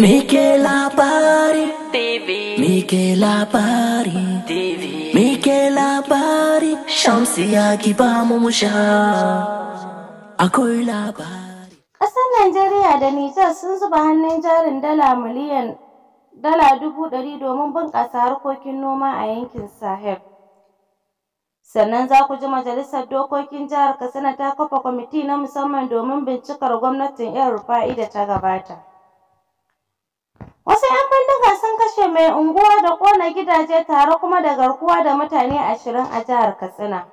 Mike labari TV Mike labari TV Mike labari Shamsi ya ki ba mu musha Akwai labari Ƙasar Najeriya da Niger sun zuba hannun jarin dala miliyan dala dubu ɗari domin bunƙasa harkokin noma a yankin Sahel. Sannan za ku ji Majalisar Dokokin Jihar Katsina ta kafa kwamiti na musamman domin bincikar gwamnatin 'yan rufa'i da ta gabata. Wasu 'yan bindiga sun kashe mai unguwa da ƙona gidaje tare kuma da garkuwa da mutane ashirin a jihar Katsina.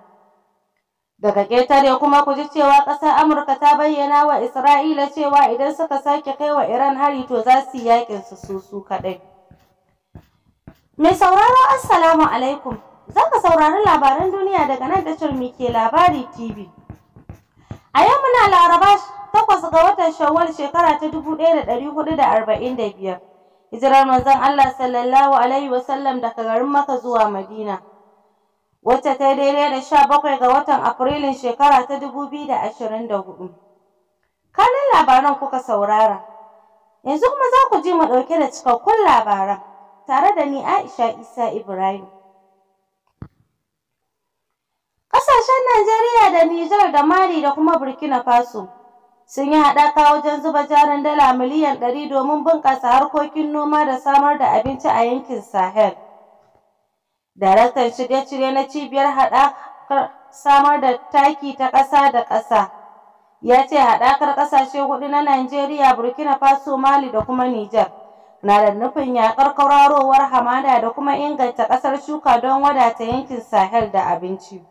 Daga ƙetare kuma ku ji cewa ƙasar Amurka ta bayyana wa Isra'ila cewa idan suka sake kai wa Iran hari to za su yi yaƙin su su su kaɗai. Mai sauraro Assalamu alaikum. Za ka saurari labaran duniya daga nan da tashar muke Labari TV. A yau muna Laraba takwas ga watan Shawwal shekara ta dubu ɗaya da ɗari hudu da arba'in da biyar. hijirar manzon Allah sallallahu alaihi wasallam daga garin Makka zuwa Madina wacce ta daidai da sha bakwai ga watan Afrilun shekara ta dubu biyu da ashirin da hudu. kanan labaran kuka saurara, yanzu kuma za ku ji mu ɗauke da cikakkun labaran tare da ni Aisha Isa Ibrahim. Ƙasashen Najeriya da Nijar da Mali da kuma Burkina Faso sun yi haɗaka wajen zuba jarin dala miliyan ɗari domin bunƙasa harkokin noma da samar da abinci a yankin Sahel. Daraktan shirye-shirye na cibiyar haɗakar samar da taki ta ƙasa da ƙasa ya ce haɗakar ƙasashe hudu na Najeriya, Burkina Faso, Mali da kuma Nijar na da nufin yaƙar kwararowar hamada da kuma inganta ƙasar shuka don wadata yankin Sahel da abinci.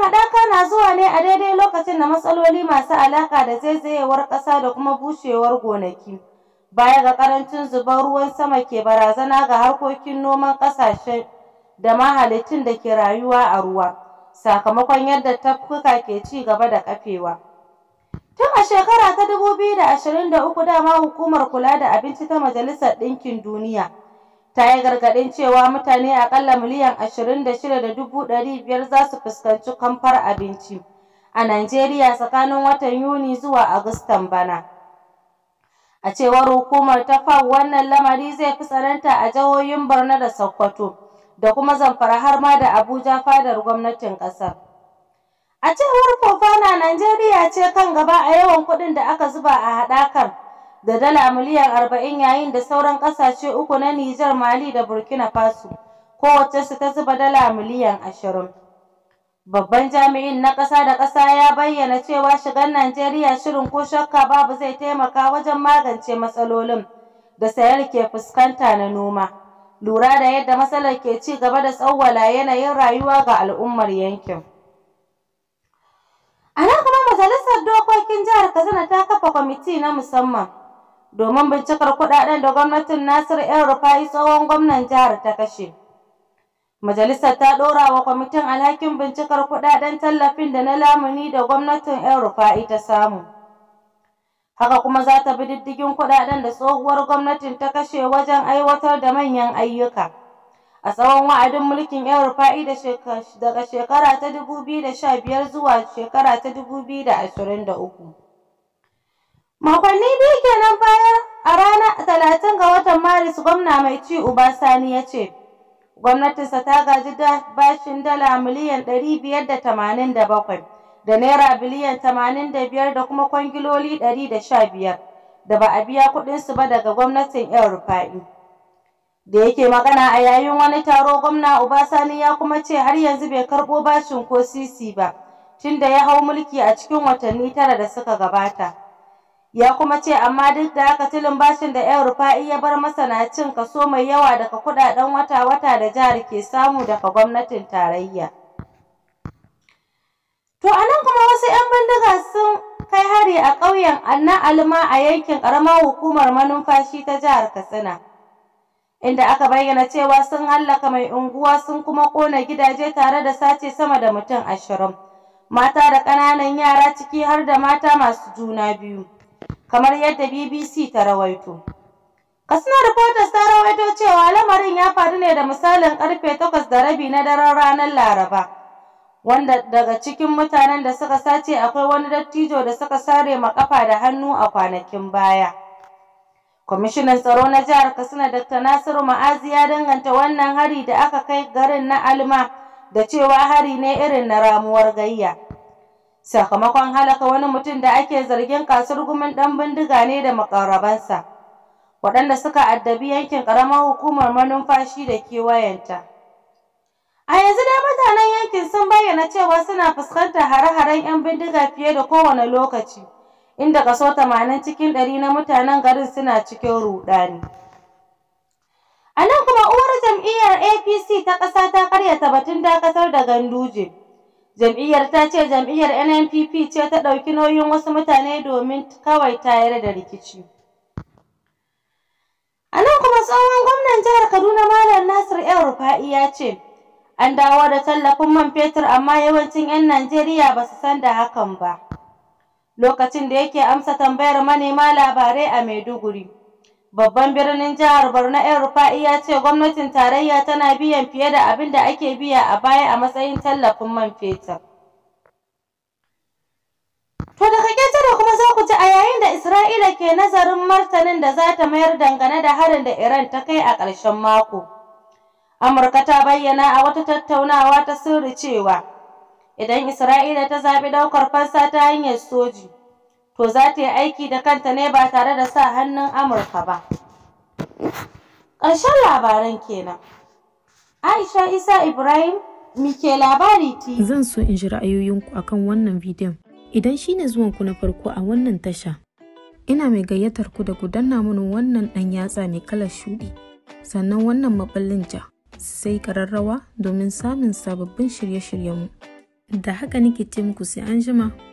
Wannan haɗaka na zuwa ne a daidai lokacin da matsaloli masu alaƙa da zaizayewar ƙasa da kuma bushewar gonaki. Baya ga ƙarancin zubar ruwan sama ke barazana ga harkokin noman ƙasashe da ma da ke rayuwa a ruwa, sakamakon yadda tafkuka ke ci gaba da ƙafewa. Tun a shekara ta da da uku dama hukumar kula da abinci ta Majalisar Ɗinkin Duniya ta yi gargaɗin cewa mutane akalla miliyan ashirin da shida da dubu ɗari biyar za su fuskanci kamfar abinci a Najeriya tsakanin watan Yuni zuwa Agustan bana. A cewar hukumar ta FAO wannan lamari zai fi tsananta a jihohin Borno da Sokoto da kuma Zamfara har ma da Abuja fadar gwamnatin ƙasar. A cewar Fofana Najeriya ce kan gaba a yawan kuɗin da aka zuba a haɗakar da dala miliyan arba'in yayin da sauran ƙasashe uku na Nijar, Mali da Burkina Faso su ta zuba dala miliyan ashirin. Babban jami'in na ƙasa da ƙasa ya bayyana cewa shigar Najeriya shirin ko shakka babu zai taimaka wajen magance matsalolin da sayar ke fuskanta na noma. Lura da yadda matsalar ke ci gaba da tsawwala yanayin rayuwa ga al'ummar yankin. A nan kuma majalisar dokokin jihar Katsina ta kafa kwamiti na musamman domin bincikar kuɗaɗen da gwamnatin Nasiru El Rufai tsohon gwamnan jihar ta kashe. Majalisar ta ɗora wa kwamitin alhakin bincikar kuɗaɗen tallafin da na lamuni da gwamnatin El Rufai ta samu. Haka kuma za ta bi diddigin kuɗaɗen da tsohuwar gwamnatin ta kashe wajen aiwatar da manyan ayyuka. A tsawon wa'adin mulkin El Rufai daga shekara ta 2015 zuwa shekara ta 2023. Makonni biyu kenan baya a ranar talatin ga watan Maris gwamna mai ci Uba Sani ya ce, gwamnatinsa ta gaji da bashin dala miliyan ɗari biyar da tamanin da bakwai da naira biliyan tamanin da biyar da kuma kwangiloli ɗari da sha biyar da ba a biya kuɗinsu ba daga gwamnatin 'yan rufa'i. da yake magana a yayin wani taro gwamna Uba Sani ya kuma ce har yanzu bai karɓo bashin ko sisi ba tunda ya hau mulki a cikin watanni tara da suka gabata ya kuma ce amma duk da haka tilin bashin da yan rufa'i ya bar masanacin kaso mai yawa daga kuɗaɗen wata-wata da jihar ke samu daga gwamnatin tarayya to a nan kuma wasu 'yan bindiga sun kai hari a ƙauyen anna alma a yankin ƙaramar hukumar manumfashi ta jihar katsina inda aka bayyana cewa sun hallaka mai unguwa sun kuma ƙona gidaje tare da sace sama da mutum ashirin mata da ƙananan yara ciki har da mata masu juna biyu kamar yadda BBC ta rawaito. Kasina Reporters ta rawaito cewa lamarin ya faru ne da misalin karfe takwas da rabi na daren ranar Laraba. Wanda daga cikin mutanen da suka sace akwai wani dattijo da suka sare makafa da hannu a kwanakin baya. Kwamishinan tsaro na jihar Katsina Dr. Nasiru Ma'azi ya danganta wannan hari da aka kai garin na Alma da cewa hari ne irin na ramuwar gayya. sakamakon halaka wani mutum da ake zargin kasar gumin ɗan bindiga ne da makarabansa waɗanda suka addabi yankin ƙaramar hukumar manumfashi da kewayenta. A yanzu dai mutanen yankin sun bayyana cewa suna fuskantar hare-haren 'yan bindiga fiye da kowane lokaci, inda kaso 80 cikin 100 na mutanen garin suna cikin rudani. A nan kuma uwar jam'iyyar APC ta ƙasa ta karyata batun dakatar da Ganduje. Jam'iyyar ta ce jam'iyyar NNPP ce ta ɗauki nauyin wasu mutane domin kawai tayar da rikici. Anan nan kuma tsohon gwamnan jihar Kaduna Malam Nasir El Rufa'i ya ce, an dawo da tallafin man fetur amma yawancin 'yan Najeriya ba su san da hakan ba. Lokacin da yake amsa tambayar manema labarai a Maiduguri. Babban birnin jihar Borno yan Rufa'i ya ce gwamnatin tarayya tana biyan fiye da abin da ake biya a baya a matsayin tallafin man fetur. To daga ƙetare kuma za ku ji a yayin da Isra'ila ke nazarin martanin da za ta mayar dangane da harin da Iran ta kai a ƙarshen mako. Amurka ta bayyana a wata tattaunawa ta sirri cewa idan Isra'ila ta zabi ɗaukar fansa ta hanyar soji. to za ta yi aiki da kanta ne ba tare da sa hannun Amurka ba. Ƙarshen labaran kenan. Aisha Isa Ibrahim Mike Labari ti Zan so in ji ra'ayoyinku kan wannan bidiyon. Idan shi ne zuwanku na farko a wannan tasha, ina mai gayyatar ku da ku danna mini wannan ɗan yatsa mai kalar shuɗi, sannan wannan maɓallin ja, sai kararrawa domin samun sababbin shirye-shiryenmu. Da haka nake ce muku sai an jima.